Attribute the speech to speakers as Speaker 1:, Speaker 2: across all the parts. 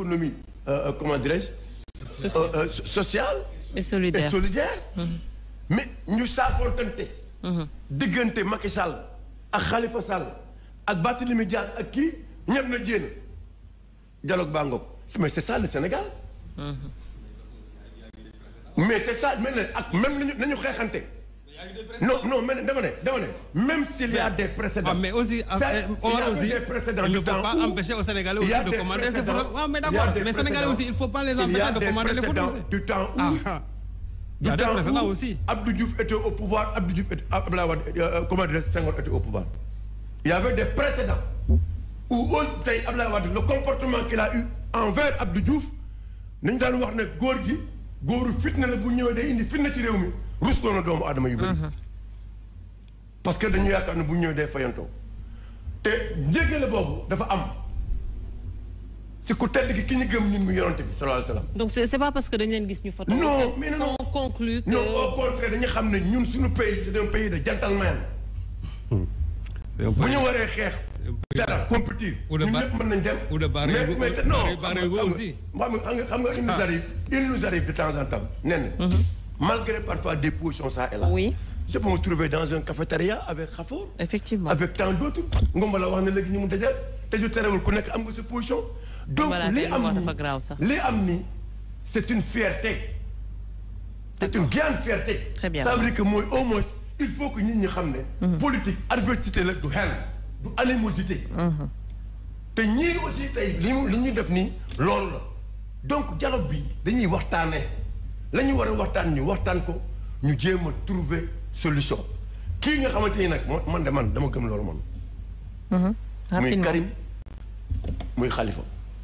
Speaker 1: économie, euh, euh, comment dirais-je, euh, euh, sociale et solidaire. Et solidaire. Mhm. Mais nous savons tenter. Mhm. Digante Macky Sall, ak Khalifa Sall, ak battre les ak qui, ñam na le Dialogue Bangok. Mais c'est ça le Sénégal. Mhm. Mais c'est ça, même nous, xéxanté. Non, non, mais demandez, demandez. même s'il y a des précédents. Ah, mais aussi, ah, euh, on il ne faut pas empêcher aux Sénégalais aussi de commander ces produits. Ah, mais d'accord, mais Sénégalais aussi, il ne faut pas les empêcher de commander les produits. Du temps où. Il y a des précédents aussi. Abdou Diouf était au pouvoir, Abdou Diouf était, euh, euh, était au pouvoir. Il y avait des précédents où le comportement qu'il a eu envers Abdou Diouf, nous avons dit que le fitna le Mhm. parce que nous avons des
Speaker 2: donc c'est pas parce que dañu avons gis ñu non
Speaker 1: mais non conclut que non au contraire Nous pays c'est un pays de gentleman. Hmm. nous sommes ah. mais il nous arrive de temps en temps malgré parfois des positions ça et là. Oui. Je peux me trouver dans un cafétéria avec Khafour. Effectivement. Avec tant d'autres. Ngombala wax na donner ñu mu dajal té ju téréwul ku nek am nga ce position. Donc les amis li am c'est une fierté. C'est une grande fierté. Très bien. Ça veut dire que moi au moins il faut que nous nous xam ne. Mhm. politique adversité la du xel du animosité. Mhm. te ñii aussi tey li ñu donc le def nii loolu donc dialogue bi dañuy la ñu war a waxtaan ñu waxtaan ko ñu jéem a trouver solution kii nga xamante ni nag man de man dama gëm loolu man.
Speaker 2: Mhm. muy
Speaker 1: Karim muy Khalifa.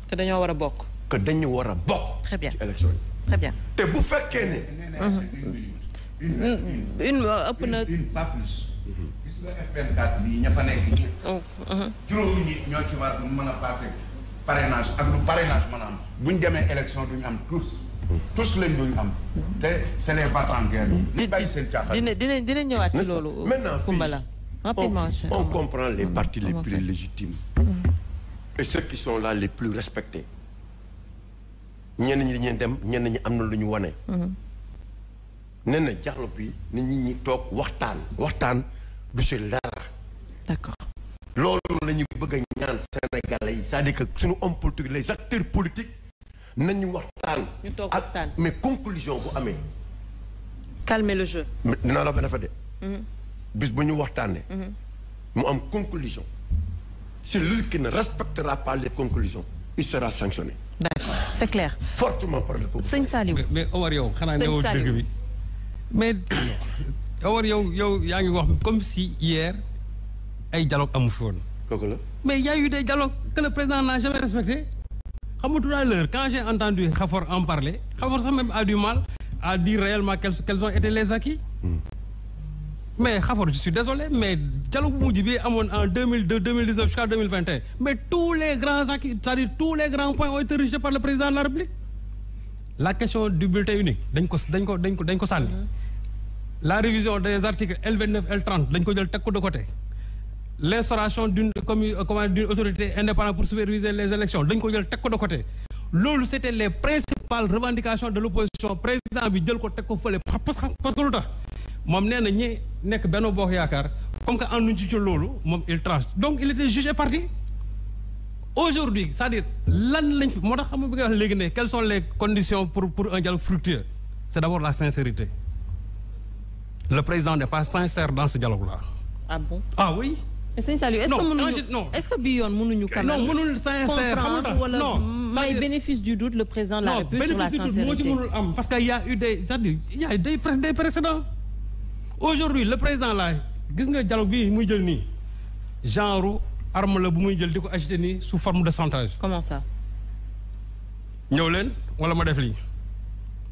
Speaker 1: que dañoo war a bokk. que dañu war a bokk. très bien ci te bu fekkee ne. Mhm. une euh, ëpp na mhm. ña fa nekk ñi. Oh, uh-huh. juróomi nit lu parrainage mën demee élection du am tous. tous lañ duñ am. te c' les patrons t en guerre ñu bàyyi seen caaxaan
Speaker 2: dina dina dina ñëwaat ci loolu. maintenant on
Speaker 1: comprend les partis les plus légitimes. Mm-hmm. et ceux qui sont là les plus respectés. ñenn ñi dañuy dem ñenn ñi am na lu ñu wane. Mm-hmm. nee na jaxlo bi nit ñi toog waxtaan. waxtaan du si dara. D'accord. accord loolu la ñu bëgg a ñaan Sénégalais yi c'est-à-dire que suñu homme politique les acteurs politiques nous waxtaan. mais conclusion bu amee. Calmez le jeu. dinaa la benn fa de. Mhm. bis bu ñu waxtaanee. Mhm. mu am conclusion. celui qui ne respectera pas les conclusions il sera sanctionné.
Speaker 2: d'accord c'est clair.
Speaker 1: fortement par le peuple. sëñ Saliou mais Awar yow xanaa newoo dëgg bi.
Speaker 2: mais Omar yow yow yaa ngi wax comme si hier ay dialogue amu fi woon. kooku la mais y a eu des dialogues que le président n'a jamais respecté. Comme l'heure quand j'ai entendu Khafor en parler Khafor a du mal à dire réellement quels ont été les acquis. Hmm. mais Khafor je suis désolé mais dialogue en 2002-2019, jusqu'à 2021, mais tous les grands acquis c'est-à-dire tous les grands points ont été rejetés par le président de la République. la question du bulletin unique hmm. la révision des articles L29 L30 dañ ko de côté l'instauration euh, d'une autorité indépendante pour superviser les élections dañ côté c'était les principales revendications de l'opposition président a dit ko parce que parce que comme que il donc il était jugé parti aujourd'hui c'est-à-dire quelles sont les conditions pour pour un dialogue fructueux c'est d'abord la sincérité le président n'est pas sincère dans ce dialogue là ah bon ah oui sëñ Saliou est-ce que mënuñu non est-ce que bii yoon mënuñu. quand même non mënul sincère xam nga wala may bénéfice du doute le président de la République sur la sincérité non bénéfice du doute moo ci mënul am parce que y' a eu des c'est-à-dire y' a des des précédents aujourd'hui le président là gis nga dialogue bi muy jël nii genre arme la bu muy jël di ko agité nii sous forme de chantage. comment ça. ñëw leen wala ma def lii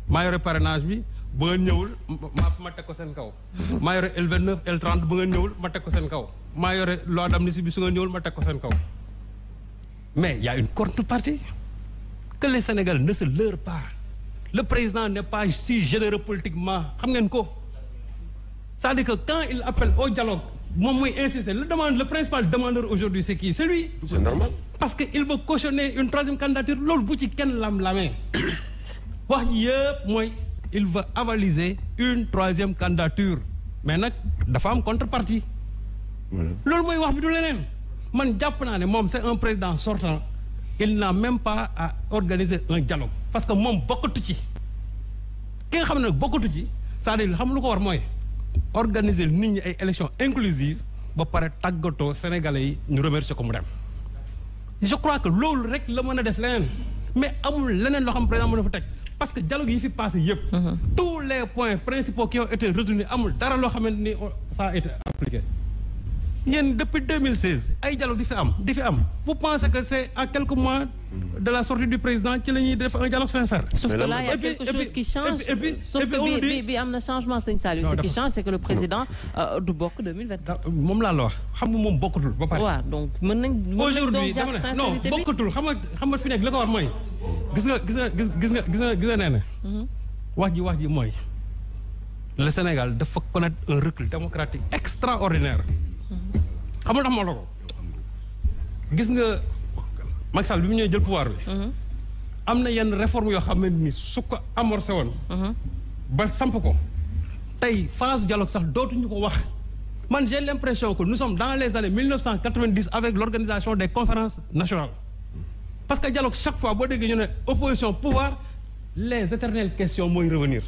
Speaker 2: maa yore parrainage bi ba ngeen ñëwul ma ma teg ko seen kaw ma yore L29 L30 bu ngeen ñëwul ma teg ko seen kaw maa yore loi d'amnistie bi su ngeen ñëwul ma teg ko seen kaw mais y a une contrepartie que les Sénégalais ne se leurrent pas le président n'est pas si généreux politiquement xam ngeen ko c'est-à-dire que quand il appelle au dialogue moom mooy insister le demande le principal demandeur aujourd'hui c'est qui c'est lui c'est normal parce que il veut cautionner une troisième candidature loolu bu ci kenn lam-lamee wax yëpp mooy il veut avaliser une troisième candidature mais nak, dafa am contrepartie. loolu mooy wax bi du leneen man jàpp naa c'est un président sortant il n'a même pas à organiser un dialogue parce que mom de ci ki nga est beaucoup de ci c'est-à-dire xam lu ko war organiser une élection inclusive élections inclusives ba sénégalais yi ñu remercier ko mu dem. je crois que c'est rek la mën a def mais amul leneen loo xam président un président parce que dialogue est fi passé mhm. tous les points principaux qui ont été retenus amul dara ça a été appliqué. depuis 2016 ay dialogue di fi am di fi am vous pensez que c'est à quelques mois de la sortie du président ci la ñuy def un dialogue sincère. sauf que là il y a quelque chose qui change sauf que bi bi am changement sëñ ce qui change c'est que le président euh, du bokk 2024. Je ne la wax xam ne sais pas. ba donc mën nañ donc non bokkatul xam nga gis nga gis nga gis nga gis nga gis nga nee na mhm. wax ji wax ji mooy le Sénégal dafa connaître un recul démocratique extraordinaire mhm. xam nga la moo la ko gis nga Macky bi mu ñëwee jël pouvoir bi mhm. am na yenn réforme yoo xam ne ni su ko amorcé woon ba samp ko tey phase dialogue sax dootuñu ko wax man j'ai l'impression que nous sommes dans les années avec l'organisation des conférences nationales parce que dialogue chaque fois qu'il y ñu ne opposition pouvoir les éternelles questions vont revenir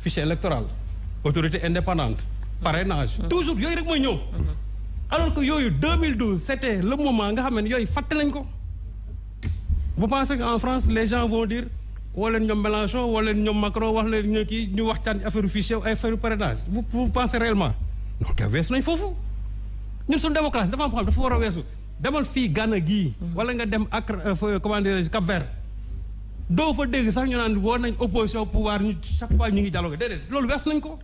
Speaker 2: fichier électoral autorité indépendante parrainage mm-hmm. toujours yooyu rek des ñëw mm-hmm. alors que 2012 c'était le moment nga il y a eu nañ ko vous pensez qu'en France les gens vont dire woo leen ñoom Mélenchon woo leen ñoom Macron wax leen ñu qui ñu waxtaan affaire fichier ay affaire parrainage vous vous pensez réellement non kay weesu nañ foofu ñun suñu démocratie dafa am dafa war a demal fi gana gii. Mhm. wala nga dem ak euh, comment dirais-je Cap Vert. doo fa deg sax ñu naan nañ opposition pouvoir ñu chaque fois ñu ngi dialogue déedéet loolu wess nañ ko.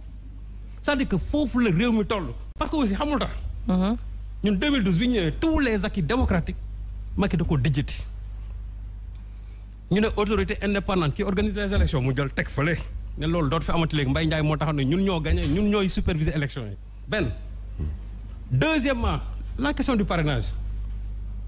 Speaker 2: cest dit que fofu le rew mi toll. parce que aussi xamul tax. Mhm. ñun 2012 bi ñu tous les acquis démocratiques Macky da ko dijjati. ñu ne autorité indépendante qui organise les élections mu jël tek fele né loolu dootu fi amati leg mbay Ndiaye mo tax ne ñun ñoo gagné ñun ñoy superviser élections yi hmm. deuxièmement la question du parrainage.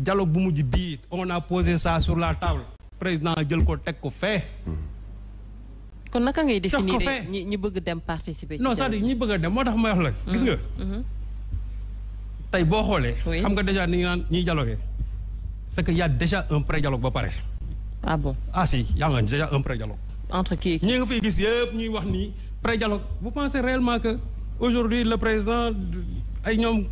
Speaker 2: dialogue bu mujj bi on a posé ça sur la table président jël ko tek ko fe kon naka ngay définir ñi ñi bëgg dem participer. non ça dit ñi bëgg a dem motax tax ma wax la. gis nga. tay bo xolé xam nga déjà ni ñu dialogué. c'est que y a déjà un pré-dialogue ba paré ah bon ah si y a un déjà un pré-dialogue. entre qui ñi nga fi gis yépp ñuy wax ni pré-dialogue vous pensez réellement que aujourd'hui le président ay ñom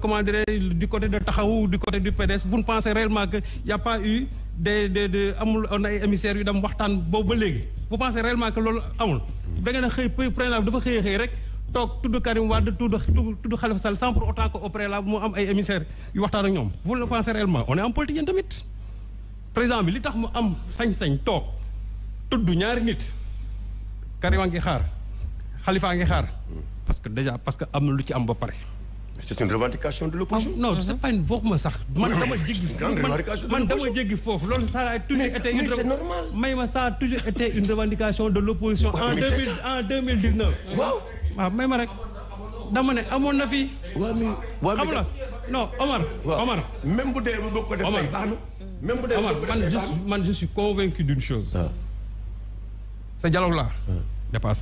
Speaker 2: comment dirais du côté de Taxawu du côté du PDS vous ne pensez réellement que y' a pas eu des des des amul on ay émissaires yu dem waxtaan boobu ba vous pensez réellement que loolu amul. da ngeen peu xëy la dafa xëy xëy rek toog tudd Karim Wade tout tudd Khalifa Sall sans pour autant que au préalable am ay émissaires yu waxtaan ak ñoom vous le pensez réellement on est en politique yéen tamit président bi li tax mu am sañ-sañ toog tudd ñaar nit Karim a xaar Khalifa a xaar parce que déjà parce que am lu ci am ba pare.
Speaker 1: c'est une revendication de l'opposition ah, non c'est
Speaker 2: pas une waxuma sax. man dama jéggi man dama jéggi foofu lool ça a may ma ça a toujours été une revendication de l'opposition en deux mille en deux mille dix neuf. waaw ah, may ma rek dama ne amoon na fi. waaw mi xam Omar. Omar même
Speaker 1: bu dee bu ko defee baax na. même bu dee Omar man je suis
Speaker 2: man je suis convaincu d'une chose. Ah. ce dialogue là n'est pas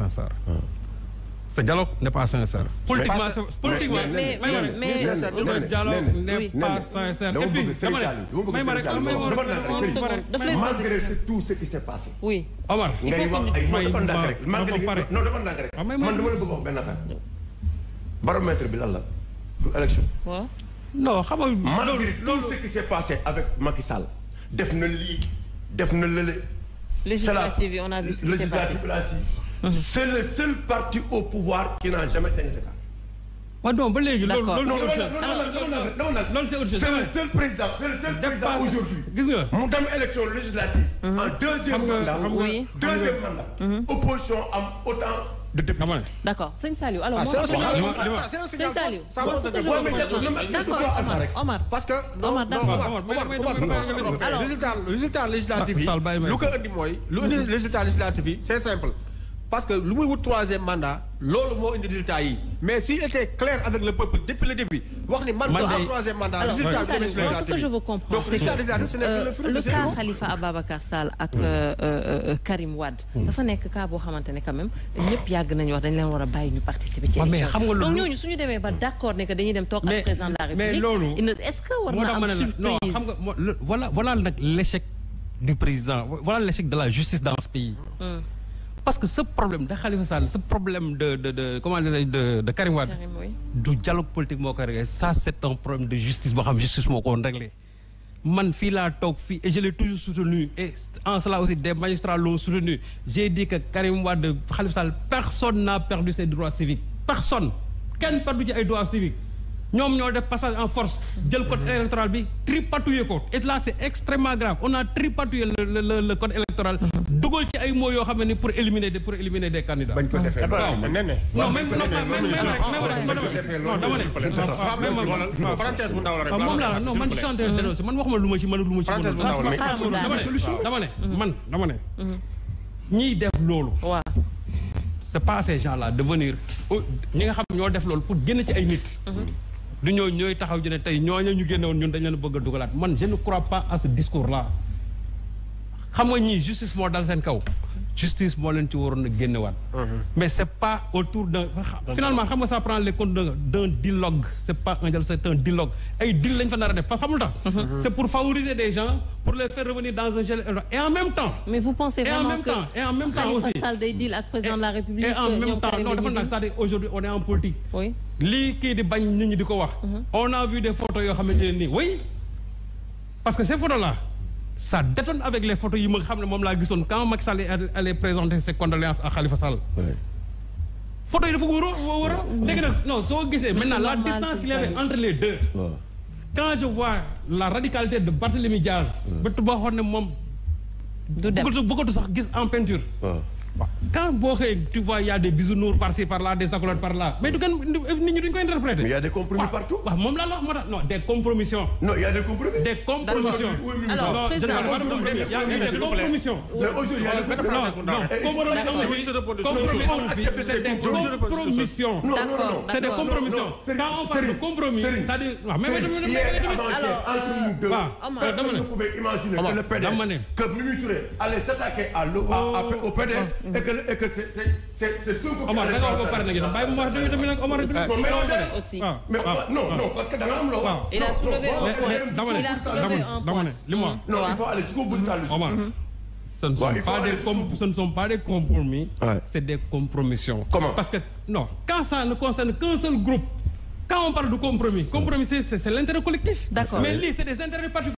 Speaker 2: ce dialogue n'est pas sincère. politiquement politiquement mais mais ce dialogue n'est pas sincère. et puis dama ne may ma rek may ma rek malgré
Speaker 1: tout ce qui s'est passé. oui Omar. ngay wax ay dafa ndànk rek malgré non dafa ndànk rek. man dama la bëgg wax benn affaire. baromètre bi lan la du élection. waaw non xam nga. malgré tout ce qui s'est passé avec Macky Sall. def na lii def na lële. législative yi on a vu ce qui s'est passé. Mhm. C'est le seul parti au pouvoir qui n'a jamais tenu de bah c'est le seul président, c'est le seul président aujourd'hui. Mon élection législative, mhm. en deuxième mandat, mhm. opposition à autant de députés. D'accord, ah, c'est Alors, c'est un signal. D'accord, Omar. Parce que, le résultat législatif, c'est simple parce que le troisième mandat loolu moo indi résultat yi mais s'il était clair avec le peuple depuis le début wax ni man. man de troisième mandat résultat bi ce que je veux comprendre donc que le euh, fruit de cas
Speaker 2: Khalifa Ababakar Sall ak euh, euh, Karim Wade. dafa un cas boo xamante quand même il yàgg a wax dañ leen war a ñu participer ci mais xam nga donc suñu sommes d'accord avec le dañuy dem président de la République. est-ce que war na une surprise xam nga voilà voilà l'échec du président voilà l'échec de la justice dans ce pays. Hmm parce que ce problème de Khalifa Sall ce problème de comment dire de de Karim Wade du dialogue politique ça c'est un problème de justice justice man et je l'ai toujours soutenu et en cela aussi des magistrats l'ont soutenu j'ai dit que Karim Wade Khalifa Sall personne n'a perdu ses droits civiques personne a perdu ses droits civiques Nous ñoo des passages en force le code électoral bi et là c'est extrêmement grave on a tripatouillé le le le code électoral mm-hmm dugal ci ay mots yoo xam ne pour éliminer pour éliminer des candidats. bañ ko defee non même non dama parenthèse bu ndaw la rek. moom laa non man chanter dénoncé man waxuma lu ma ci man lu ma ci. parenthèse bu ndaw la dama ne mhm. man dama ne. Mhm. ñiy def loolu. waaw c'est pas ces gens-là devenir ñi nga xam ñoo def loolu pour génn ci ay nit. Mhm. du ñooñu ñooy taxaw ju ne tey ñooñu ñu génne woon ñun dañ leen bëgg a dugalaat man je ne crois pas à ce discours-là xam justice mo dal seen kaw justice mo len ci waroon a mhm. mais c'est pas autour d'un finalement xam nga ça prend les comptes d'un dialogue C'est pas un dialogue c' un dialogue ay dil lañ fa nara def parce que xamul mhm. Mhm. pour favoriser des gens pour les faire revenir dans un gel et en même temps mais vous pensez vraiment et en même que temps et en même temps aussi Sall day deal ak président de la république et en euh, même temps non dafa nag c'est-à-dire aujourd'hui on est en politique oui li ki di bagn nit ñi di ko wax on a vu des photos yo xamante ne oui parce que ces photos là ça détonne avec les photos yi je xam que quand Macky Sall allait présenter ses condoléances à Khalifa Sall. photo yi dafa wóoroo non so maintenant la distance qu'il y avait entre les deux. quand je vois la radicalité de Barthélémy Diaz. je waxoon ne moom. du dem en peinture quand vous tu vois y' a des bisounours par-ci par-là des accolades par-là mais tu ne peux pas interpréter. y' a des compromis partout. non des compromissions. non y' a des compromis. des compromissions. alors il y' a des compromissions. des non non c'est des compromissions. quand on parle de compromis c'est-à-dire
Speaker 1: mais mais euh, que Mm-hmm. et que et que Omar aussi non non parce que dans nga am loo. il a soulevé un point. Il a soulevé un non il faut aller jusqu'au bout de ta ce
Speaker 2: ne sont pas des compromis ce des compromis. c'est des compromissions. comment parce que non quand ça ne concerne
Speaker 1: qu'un seul groupe. quand on parle de compromis compromis c'est l'intérêt collectif. D'accord. mais lui, c'est des intérêts particuliers.